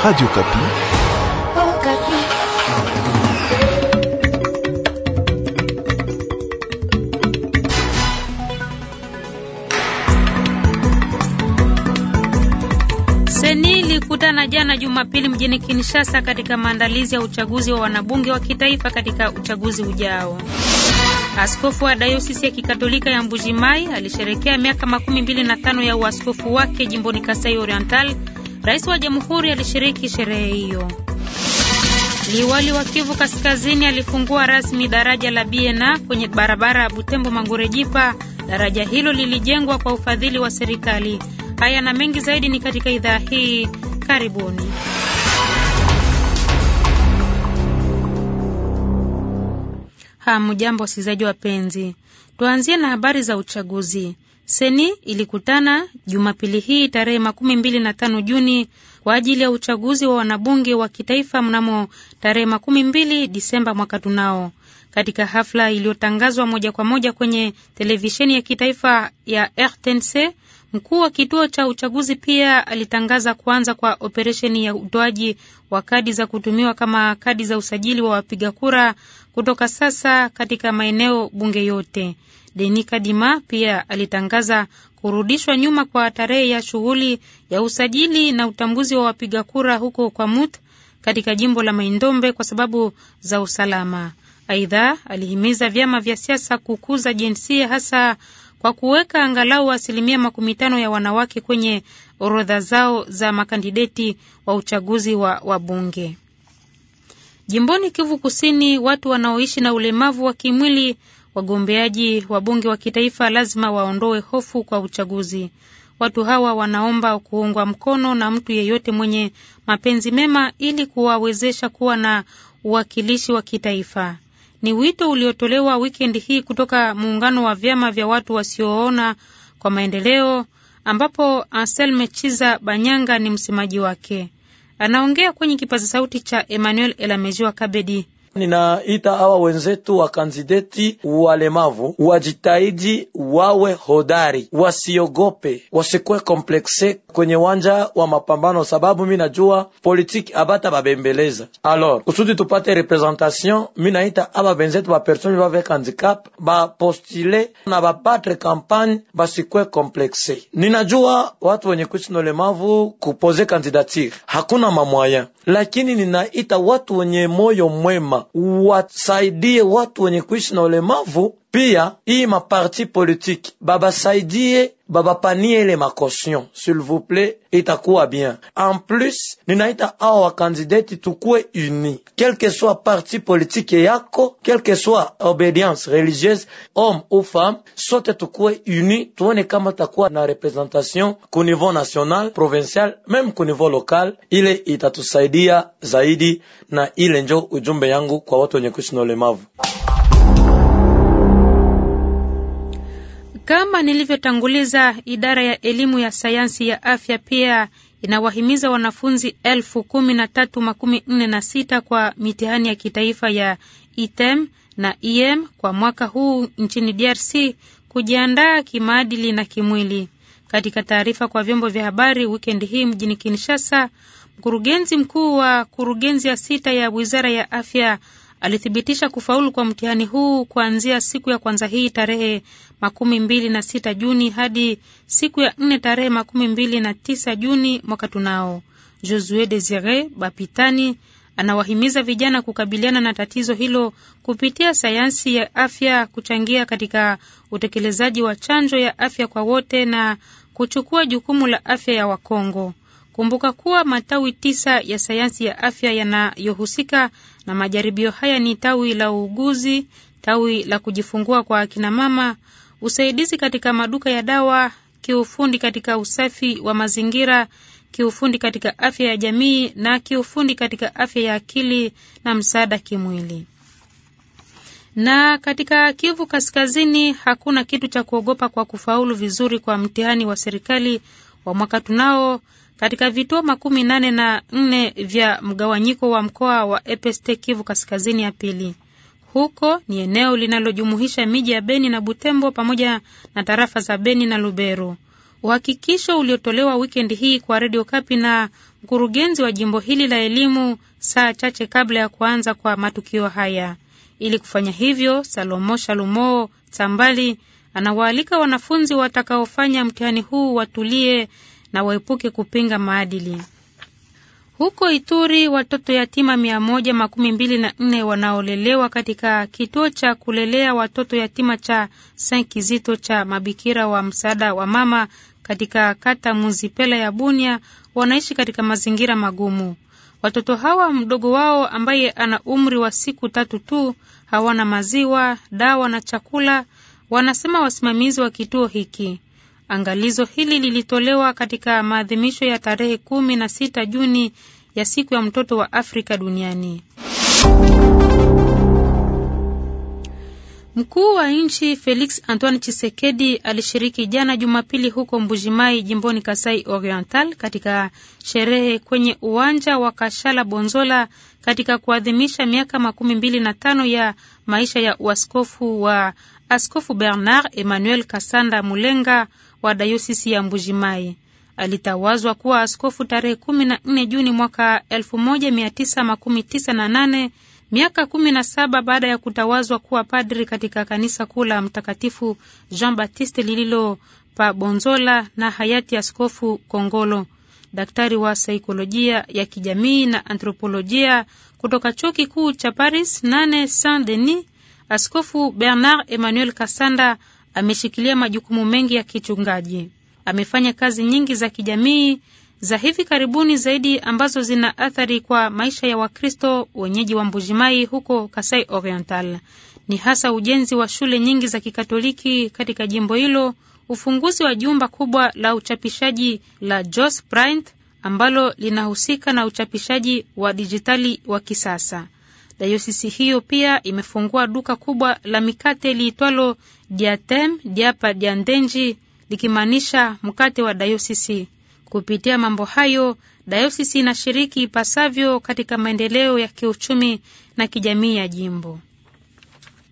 Radio Kapi. Oh, Kapi. Seni ilikutana jana Jumapili mjini Kinshasa katika maandalizi ya uchaguzi wa wanabunge wa kitaifa katika uchaguzi ujao. Askofu wa dayosisi ya Kikatolika ya Mbujimai alisherekea miaka makumi mbili na tano ya uaskofu wake jimboni Kasai Oriental Rais wa jamhuri alishiriki sherehe hiyo. Liwali wa Kivu Kaskazini alifungua rasmi daraja la Biena kwenye barabara ya Butembo Mangurejipa. Daraja hilo lilijengwa kwa ufadhili wa serikali. Haya na mengi zaidi ni katika idhaa hii, karibuni. Hamjambo wasikilizaji wapenzi, tuanzie na habari za uchaguzi. Seni ilikutana Jumapili hii tarehe makumi mbili na tano Juni kwa ajili ya uchaguzi wa wanabunge wa kitaifa mnamo tarehe makumi mbili Disemba mwaka tunao. Katika hafla iliyotangazwa moja kwa moja kwenye televisheni ya kitaifa ya RTNC, mkuu wa kituo cha uchaguzi pia alitangaza kuanza kwa operesheni ya utoaji wa kadi za kutumiwa kama kadi za usajili wa wapiga kura kutoka sasa katika maeneo bunge yote. Denis Kadima pia alitangaza kurudishwa nyuma kwa tarehe ya shughuli ya usajili na utambuzi wa wapiga kura huko Mut katika jimbo la Maindombe kwa sababu za usalama. Aidha, alihimiza vyama vya siasa kukuza jinsia hasa kwa kuweka angalau asilimia makumi tano ya wanawake kwenye orodha zao za makandideti wa uchaguzi wa wabunge. Jimboni Kivu Kusini, watu wanaoishi na ulemavu wa kimwili Wagombeaji wa bunge wa kitaifa lazima waondoe hofu kwa uchaguzi. Watu hawa wanaomba kuungwa mkono na mtu yeyote mwenye mapenzi mema ili kuwawezesha kuwa na uwakilishi wa kitaifa. Ni wito uliotolewa wikendi hii kutoka muungano wa vyama vya watu wasioona kwa maendeleo, ambapo Anselme Chiza Banyanga ni msemaji wake. Anaongea kwenye kipaza sauti cha Emmanuel Elamejiwa Kabedi. Ninaita hawa wenzetu wa kandideti walemavu wajitahidi, wawe hodari, wasiogope, wasikuwe komplekse kwenye wanja wa mapambano, sababu mi najua politiki abata babembeleza. Alors kusudi tupate representation, mi naita hawa wenzetu bapersone persone bavek handicap bapostule na bapatre kampagne, basikwe komplekse. Ninajua watu wenye kuishi na ulemavu kupoze kandidature hakuna mamwaya, lakini ninaita watu wenye moyo mwema wasaidie watu wenye kuishi na ulemavu Pia ma maparti politique babasaidie babapanie ma makosion s'il vous à quoi bien. En plus ninaita awa wakandideti tukue uni, quel que soit parti politique yako, quel que soit obedience religieuse, homme ou femme, sote tukue uni, tuone kama takuwa na representation ku niveau national, provincial, même ku niveau local. Ile itatusaidia zaidi, na ile njo ujumbe yangu kwa watu wenye kuishi Kama nilivyotanguliza, idara ya elimu ya sayansi ya afya pia inawahimiza wanafunzi elfu kumi na tatu makumi nne na sita kwa mitihani ya kitaifa ya ITEM na em kwa mwaka huu nchini DRC kujiandaa kimaadili na kimwili. Katika taarifa kwa vyombo vya habari wikendi hii mjini Kinshasa, mkurugenzi mkuu wa kurugenzi ya sita ya wizara ya afya alithibitisha kufaulu kwa mtihani huu kuanzia siku ya kwanza hii tarehe makumi mbili na sita Juni hadi siku ya nne tarehe makumi mbili na tisa Juni mwaka tunao. Josue Desire Bapitani anawahimiza vijana kukabiliana na tatizo hilo kupitia sayansi ya afya, kuchangia katika utekelezaji wa chanjo ya afya kwa wote na kuchukua jukumu la afya ya Wakongo. Kumbuka kuwa matawi tisa ya sayansi ya afya yanayohusika na majaribio haya ni tawi la uuguzi, tawi la kujifungua kwa akinamama usaidizi katika maduka ya dawa, kiufundi katika usafi wa mazingira, kiufundi katika afya ya jamii na kiufundi katika afya ya akili na msaada kimwili. Na katika Kivu Kaskazini hakuna kitu cha kuogopa kwa kufaulu vizuri kwa mtihani wa serikali wa mwaka tunao katika vituo makumi nane na nne vya mgawanyiko wa mkoa wa Epeste Kivu kaskazini ya pili. Huko ni eneo linalojumuisha miji ya Beni na Butembo pamoja na tarafa za Beni na Lubero. Uhakikisho uliotolewa wikendi hii kwa Redio Kapi na mkurugenzi wa jimbo hili la elimu saa chache kabla ya kuanza kwa matukio haya. Ili kufanya hivyo, Salomo Shalumo Sambali anawaalika wanafunzi watakaofanya mtihani huu watulie na waepuke kupinga maadili. Huko Ituri, watoto yatima mia moja makumi mbili na nne wanaolelewa katika kituo cha kulelea watoto yatima cha kizito cha mabikira wa msaada wa mama katika kata Muzipela ya Bunia wanaishi katika mazingira magumu. Watoto hawa mdogo wao ambaye ana umri wa siku tatu tu hawana maziwa, dawa na chakula, wanasema wasimamizi wa kituo hiki. Angalizo hili lilitolewa katika maadhimisho ya tarehe kumi na sita Juni ya siku ya mtoto wa Afrika duniani. Mkuu wa nchi Felix Antoine Chisekedi alishiriki jana Jumapili huko Mbujimai jimboni Kasai Oriental katika sherehe kwenye uwanja wa Kashala Bonzola katika kuadhimisha miaka makumi mbili na tano ya maisha ya uaskofu wa Askofu Bernard Emmanuel Kasanda Mulenga wa dayosisi ya Mbujimai. Alitawazwa kuwa askofu tarehe 14 Juni mwaka 1998 Miaka kumi na saba baada ya kutawazwa kuwa padri katika kanisa kuu la Mtakatifu Jean Baptiste lililo pa Bonzola na hayati Askofu Kongolo, daktari wa saikolojia ya kijamii na antropolojia kutoka chuo kikuu cha Paris nane Saint Denis, Askofu Bernard Emmanuel Kasanda ameshikilia majukumu mengi ya kichungaji. Amefanya kazi nyingi za kijamii za hivi karibuni zaidi ambazo zina athari kwa maisha ya Wakristo wenyeji wa Mbujimai huko Kasai Oriental ni hasa ujenzi wa shule nyingi za Kikatoliki katika jimbo hilo, ufunguzi wa jumba kubwa la uchapishaji la Jos Print ambalo linahusika na uchapishaji wa dijitali wa kisasa. Dayosisi hiyo pia imefungua duka kubwa la mikate liitwalo Diatem Diapa Diandenji, likimaanisha mkate wa dayosisi. Kupitia mambo hayo, dayosisi inashiriki ipasavyo katika maendeleo ya kiuchumi na kijamii ya jimbo.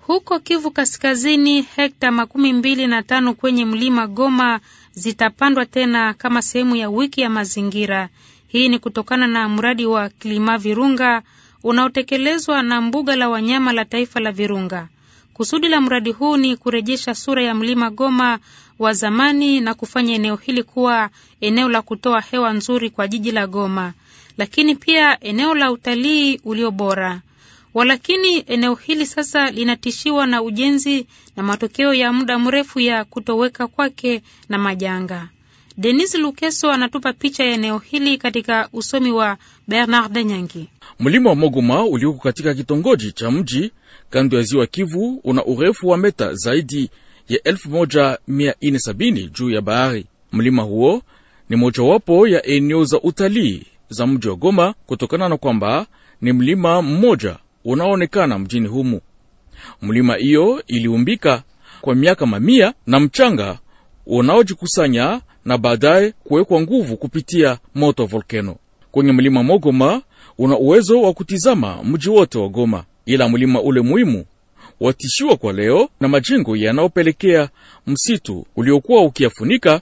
Huko Kivu Kaskazini, hekta makumi mbili na tano kwenye mlima Goma zitapandwa tena kama sehemu ya wiki ya mazingira. Hii ni kutokana na mradi wa Kilima Virunga unaotekelezwa na mbuga la wanyama la taifa la Virunga. Kusudi la mradi huu ni kurejesha sura ya mlima Goma wa zamani na kufanya eneo hili kuwa eneo la kutoa hewa nzuri kwa jiji la Goma, lakini pia eneo la utalii ulio bora. Walakini eneo hili sasa linatishiwa na ujenzi na matokeo ya muda mrefu ya kutoweka kwake na majanga. Denis Lukeso anatupa picha ya eneo hili katika usomi wa Bernard Nyangi. Mlima wa Mogoma ulioko katika kitongoji cha mji kando ya ziwa Kivu una urefu wa meta zaidi ya 1470 juu ya bahari. Mlima huo ni mojawapo ya eneo za utalii za mji wa Goma kutokana na kwamba ni mlima mmoja unaoonekana mjini humu. Mlima hiyo iliumbika kwa miaka mamia na mchanga unaojikusanya na baadaye kuwekwa nguvu kupitia moto wa volkeno. Kwenye mlima Mogoma una uwezo wa kutizama mji wote wa Goma, ila mlima ule muhimu watishiwa kwa leo na majengo yanayopelekea msitu uliokuwa ukiyafunika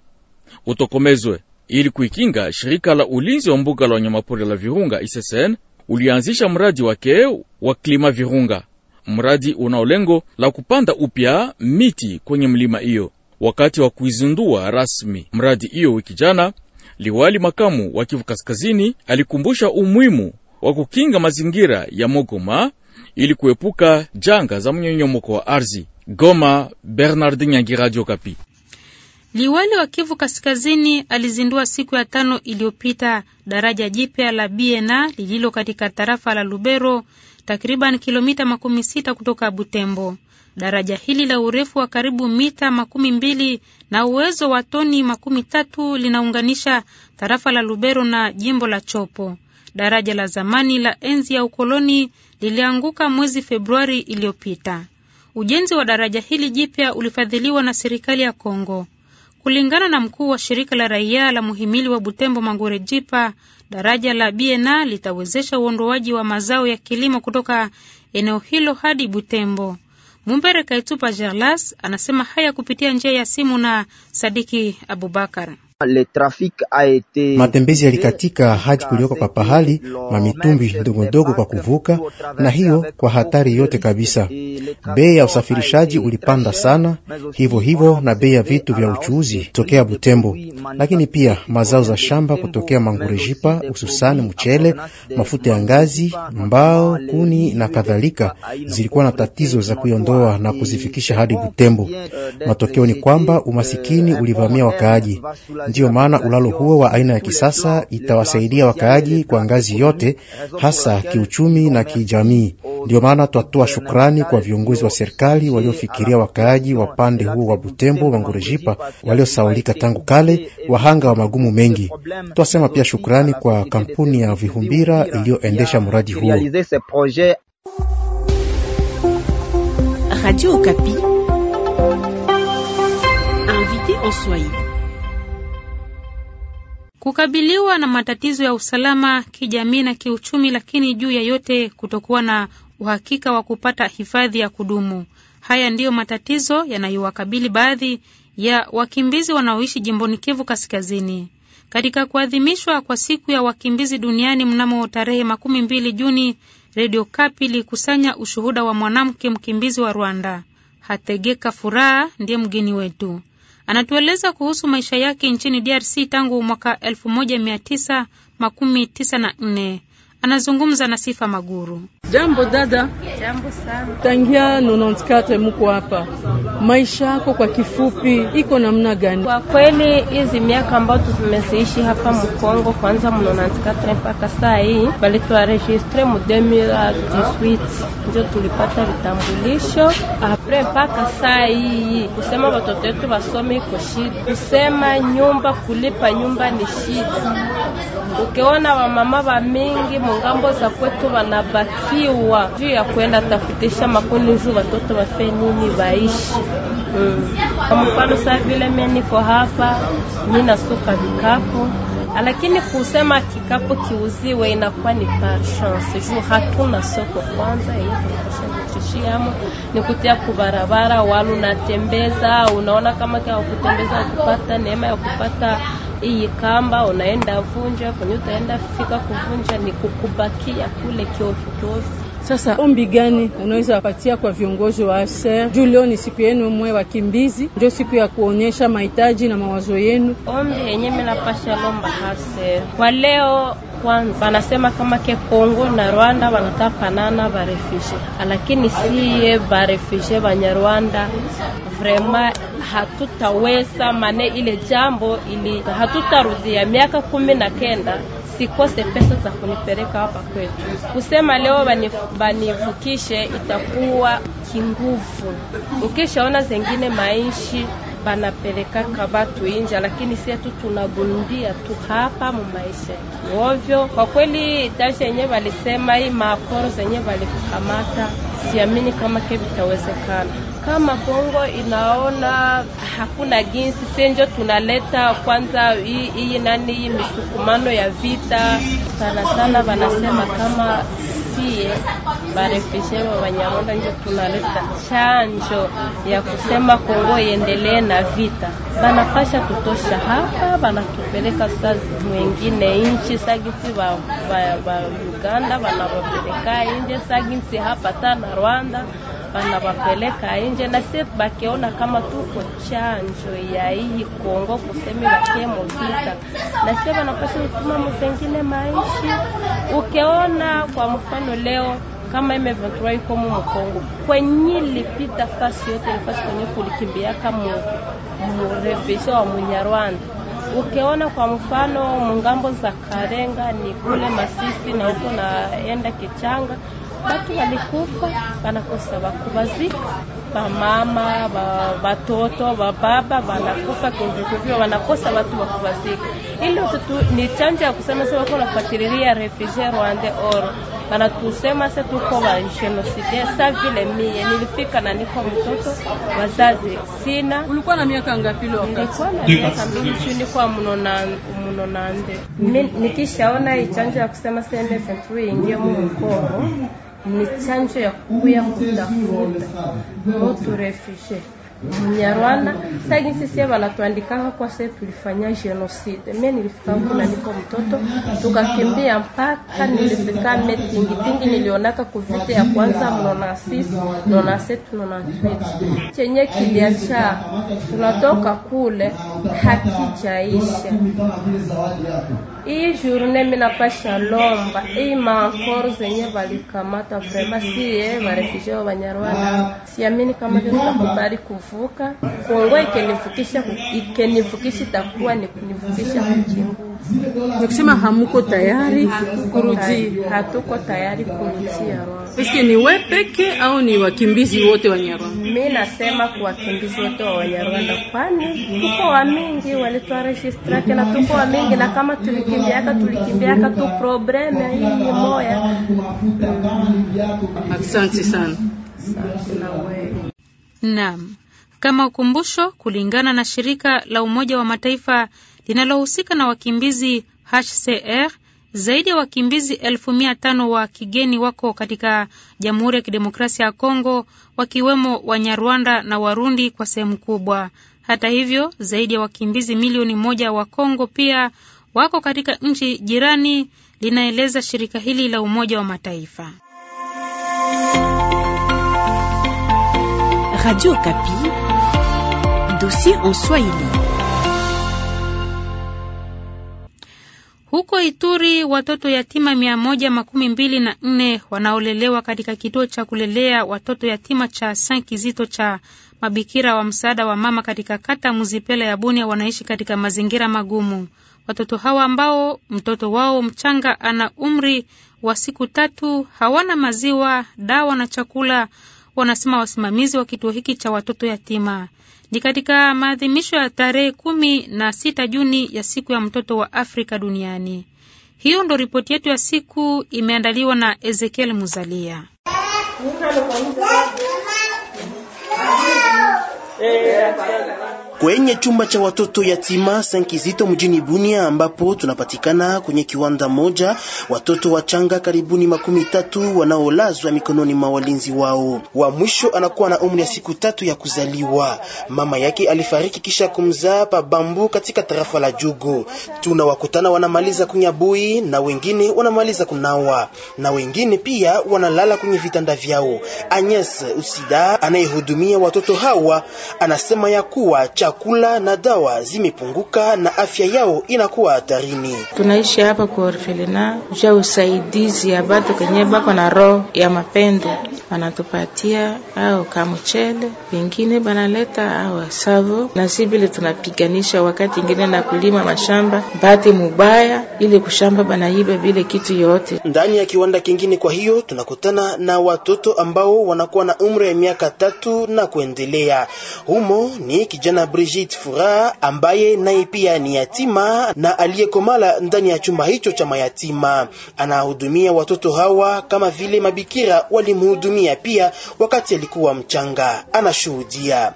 utokomezwe. Ili kuikinga, shirika la ulinzi wa mbuga la wanyamapori la Virunga ISSN ulianzisha mradi wake wa Klima Virunga, mradi unao lengo la kupanda upya miti kwenye mlima hiyo. Wakati wa kuizindua rasmi mradi hiyo wiki jana, liwali makamu wa Kivu Kaskazini alikumbusha umuhimu wa kukinga mazingira ya Mogoma ili kuepuka janga za mnyonyomoko wa ardhi. Goma, Bernard Nyangi, Radio Kapi. Liwali wa Kivu Kaskazini alizindua siku ya tano iliyopita daraja jipya la bna lililo katika tarafa la Lubero, takriban kilomita makumi sita kutoka Butembo. Daraja hili la urefu wa karibu mita makumi mbili na uwezo wa toni makumi tatu linaunganisha tarafa la Lubero na jimbo la Chopo. Daraja la zamani la enzi ya ukoloni lilianguka mwezi Februari iliyopita. Ujenzi wa daraja hili jipya ulifadhiliwa na serikali ya Kongo. Kulingana na mkuu wa shirika la raia la muhimili wa Butembo Mangore Jipa, daraja la BNA litawezesha uondoaji wa mazao ya kilimo kutoka eneo hilo hadi Butembo. Mumbere Kaitupa jarlas anasema haya kupitia njia ya simu na Sadiki Abubakar matembezi yalikatika hadi kulioko kwa pahali mamitumbi ndogondogo kwa kuvuka, na hiyo kwa hatari yote kabisa. Bei ya usafirishaji ulipanda sana, hivyo hivyo na bei ya vitu vya uchuuzi tokea Butembo, lakini pia mazao za shamba kutokea Mangurejipa, hususani mchele, mafuta ya ngazi, mbao, kuni na kadhalika, zilikuwa na tatizo za kuiondoa na kuzifikisha hadi Butembo. Euh, Matokeo ni kwamba umasikini euh, ulivamia wakaaji. Ndiyo maana ulalo huo wa aina ya kisasa itawasaidia wakaaji kwa ngazi yote, hasa kiuchumi na kijamii. Ndiyo maana twatoa shukrani kwa viongozi wa serikali waliofikiria wakaaji wa pande huo wa Butembo Wangurejipa, waliosaulika tangu kale, wahanga wa magumu mengi. Twasema pia shukrani kwa kampuni ya Vihumbira iliyoendesha mradi huo. Radio Okapi, invité en Swahili kukabiliwa na matatizo ya usalama kijamii na kiuchumi, lakini juu ya yote kutokuwa na uhakika wa kupata hifadhi ya kudumu. Haya ndiyo matatizo yanayowakabili baadhi ya wakimbizi wanaoishi jimboni Kivu Kaskazini. Katika kuadhimishwa kwa siku ya wakimbizi duniani mnamo tarehe makumi mbili Juni, Redio Kapi ilikusanya ushuhuda wa mwanamke mkimbizi wa Rwanda. Hategeka Furaha ndiye mgeni wetu. Anatueleza kuhusu maisha yake nchini DRC tangu mwaka makumi9a nne anazungumza na Sifa Maguru. Jambo dada. Jambo sana. Tangia 94 mko hapa, maisha yako kwa kifupi iko namna gani? Kwa kweli hizi miaka ambayo tumeziishi hapa Mkongo, kwanza 94 mpaka saa hii balituaregistre mu 2018 ndio tulipata vitambulisho apres mpaka saa hii kusema watoto wetu wasome iko shida, kusema nyumba, kulipa nyumba ni shida Ukiona wamama wa mingi mungambo za kwetu wanabakiwa juu ya kwenda tafutisha makundi juu watoto wafe nini waishi. Mm. Kwa mfano saa vile mimi niko hapa, mimi nasuka vikapu lakini kusema kikapu kiuziwe inakuwa ni par chance, juu hatuna soko kwanza. Iyoashaishiamo ni kutia kubarabara, walu natembeza, unaona kama kia kupata neema ya kupata hii kamba unaenda vunja kwenye utaenda fika kuvunja ni kukubakia kule kiofu kiofu. Sasa ombi gani unaweza wapatia kwa viongozi wa ASER juu leo ni siku yenu mwe wakimbizi, ndio siku ya kuonyesha mahitaji na mawazo yenu? Ombi yenye minapasha lomba ASER kwa leo kwanza wanasema kama ke Kongo na Rwanda wanatafanana barefishe, lakini siye barefugie Banyarwanda vrema hatutaweza mane ile jambo ili hatutarudia miaka kumi na kenda sikose pesa za kunipeleka hapa kwetu. Kusema leo banivukishe itakuwa kinguvu, ukishaona zengine maishi banapelekaka batu inja, lakini sie tu tunagundia tu hapa mu maisha ovyo. Kwa kweli tasha yenye walisema hii maakoro zenye walikukamata, siamini kama kevitawezekana kama Kongo inaona hakuna ginsi senjo tunaleta kwanza hii nani hii misukumano ya vita sana sana, wanasema kama tuwapatie barefushe wa Wanyarwanda, tunaleta chanjo ya kusema Kongo iendelee na vita. Banapasha kutosha hapa, banatupeleka sazi mwingine nchi sagisi wa, wa, wa Uganda, wanawapeleka nje sagisi hapa tana Rwanda banabapeleka nje, na si bakiona kama tuko chanjo ya hii Kongo kusemi bakie muvita, na si banapasha kutuma mzengine maishi. Ukiona kwa mfano leo kama M23 iko mu Kongo kwenye lipita fasi yote fasi kwenye kulikimbiaka kama murevesho wa Munyarwanda. Ukiona kwa mfano mungambo za Karenga ni kule Masisi na huko naenda Kichanga batu balikufa banakosa bakubazi, bamama, batoto, bababa banakufa kuvyokuvyo, banakosa batu bakubazika. Ili tutu ni chanjo ya kusema sasa wako nafuatilia refugee Rwanda oro banatusema sasa tuko ba genocide. sasa vile mie nilifika na niko mtoto, wazazi sina. Ulikuwa na miaka ngapi? Leo nilikuwa na miaka mbili chini kwa mnona mnona Mimi nikishaona chanjo ya kusema sasa MSF ingie mu mkomo ni chanjo ya kuya kutafuta motu refugie Munyarwanda sagi sisi banatuandikanga kwa se tulifanya genocide. Mimi nilifika kuna niko mtoto tukakimbia mpaka nilifika metingi tingi, nilionaka kuvita ya kwanza mnona sisi mnona setu mnona twetu chenye kiliacha tunatoka kule hakijaisha hii journée mina pasha lomba hii maankoro zenye walikamata vrema siye varefugee wa Banyarwanda, siamini kama vile kuvuka Kongo. Ikenivukisha ikenivukisha itakuwa ni kunivukisha kujingua Mkisema hamuko tayari kurudi, hatuko tayari kurudi Rwanda. Eske ni we peke au ni wakimbizi wote wa Nyarwanda? Mimi nasema kwa wakimbizi wote wa Nyarwanda, kwani tuko wa mingi, walitoa na tuko wa mingi, na kama tulikimbiaka tulikimbiaka tu hii moya. Asante sana. Naam, kama ukumbusho, kulingana na shirika la Umoja wa Mataifa linalohusika na wakimbizi HCR. Zaidi ya wakimbizi elfu mia tano wa kigeni wako katika Jamhuri ya Kidemokrasia ya Kongo, wakiwemo Wanyarwanda na Warundi kwa sehemu kubwa. Hata hivyo, zaidi ya wakimbizi milioni moja wa Kongo pia wako katika nchi jirani, linaeleza shirika hili la Umoja wa Mataifa. Radio Kapi, dossier en Swahili. Huko Ituri watoto yatima mia moja makumi mbili na nne wanaolelewa katika kituo cha kulelea watoto yatima cha San Kizito cha mabikira wa msaada wa mama katika kata Muzipela ya Bunia wanaishi katika mazingira magumu. Watoto hawa ambao mtoto wao mchanga ana umri wa siku tatu hawana maziwa, dawa na chakula, wanasema wasimamizi wa kituo hiki cha watoto yatima ni katika maadhimisho ya tarehe kumi na sita Juni ya siku ya mtoto wa Afrika duniani. Hiyo ndo ripoti yetu ya siku, imeandaliwa na Ezekiel Muzalia kwenye chumba cha watoto yatima Sankizito mjini Bunia, ambapo tunapatikana kwenye kiwanda moja, watoto wachanga karibuni makumi tatu wanaolazwa mikononi mwa walinzi wao. Wa mwisho anakuwa na umri ya siku tatu ya kuzaliwa. Mama yake alifariki kisha kumzaa pa Bambu katika tarafa la Jugu. Tunawakutana wanamaliza kunyabui na wengine wanamaliza kunawa na wengine pia wanalala kwenye vitanda vyao. Agnes Usida anayehudumia watoto hawa anasema ya kuwa cha chakula na dawa zimepunguka na afya yao inakuwa hatarini. Tunaishi hapa kwa orfelina ja usaidizi ya batu kenye bako na roho ya mapendo banatupatia au kamuchele, vingine banaleta au savo na vile tunapiganisha wakati ingine na kulima mashamba bati mubaya ili kushamba banaiba vile kitu yote ndani ya kiwanda kingine. Kwa hiyo tunakutana na watoto ambao wanakuwa na umri ya miaka tatu na kuendelea. Humo ni kijana Brigitte Fura ambaye naye pia ni yatima na aliyekomala ndani ya chumba hicho cha mayatima, anahudumia watoto hawa kama vile mabikira walimhudumia dunia pia wakati alikuwa mchanga anashuhudia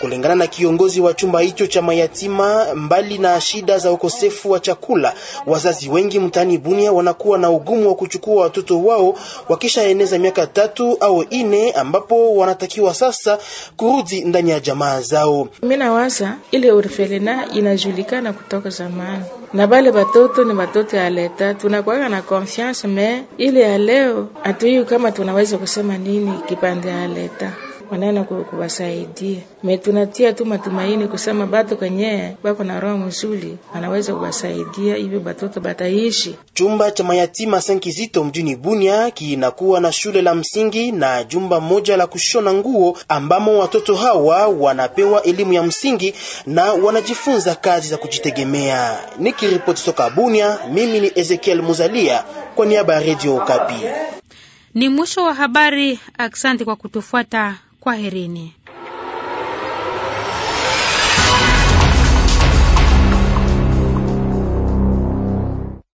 kulingana na kiongozi wa chumba hicho cha mayatima. Mbali na shida za ukosefu wa chakula, wazazi wengi mtaani Bunia wanakuwa na ugumu wa kuchukua watoto wao wakishaeneza miaka tatu au ine, ambapo wanatakiwa sasa kurudi ndani ya jamaa zao kwao. Mimi nawaza ile orfelina inajulikana kutoka zamani, na bale batoto ni batoto ya leta, tunakuwa na confiance me ile ya leo hatui kama tunaweza kusema nini kipande ya leta wanaenda kuwasaidia. tunatia tu matumaini kusema batu kwenye bako na roho mzuri anaweza kuwasaidia, hivyo batoto bataishi. Chumba cha mayatima Sankizito mjini Bunia kinakuwa na shule la msingi na jumba moja la kushona nguo ambamo watoto hawa wanapewa elimu ya msingi na wanajifunza kazi za kujitegemea. Nikiripoti toka Bunia, mimi ni Ezekiel Muzalia kwa niaba ya Radio Okapi. Ni mwisho wa habari. Asante kwa kutufuata. Kwaherini.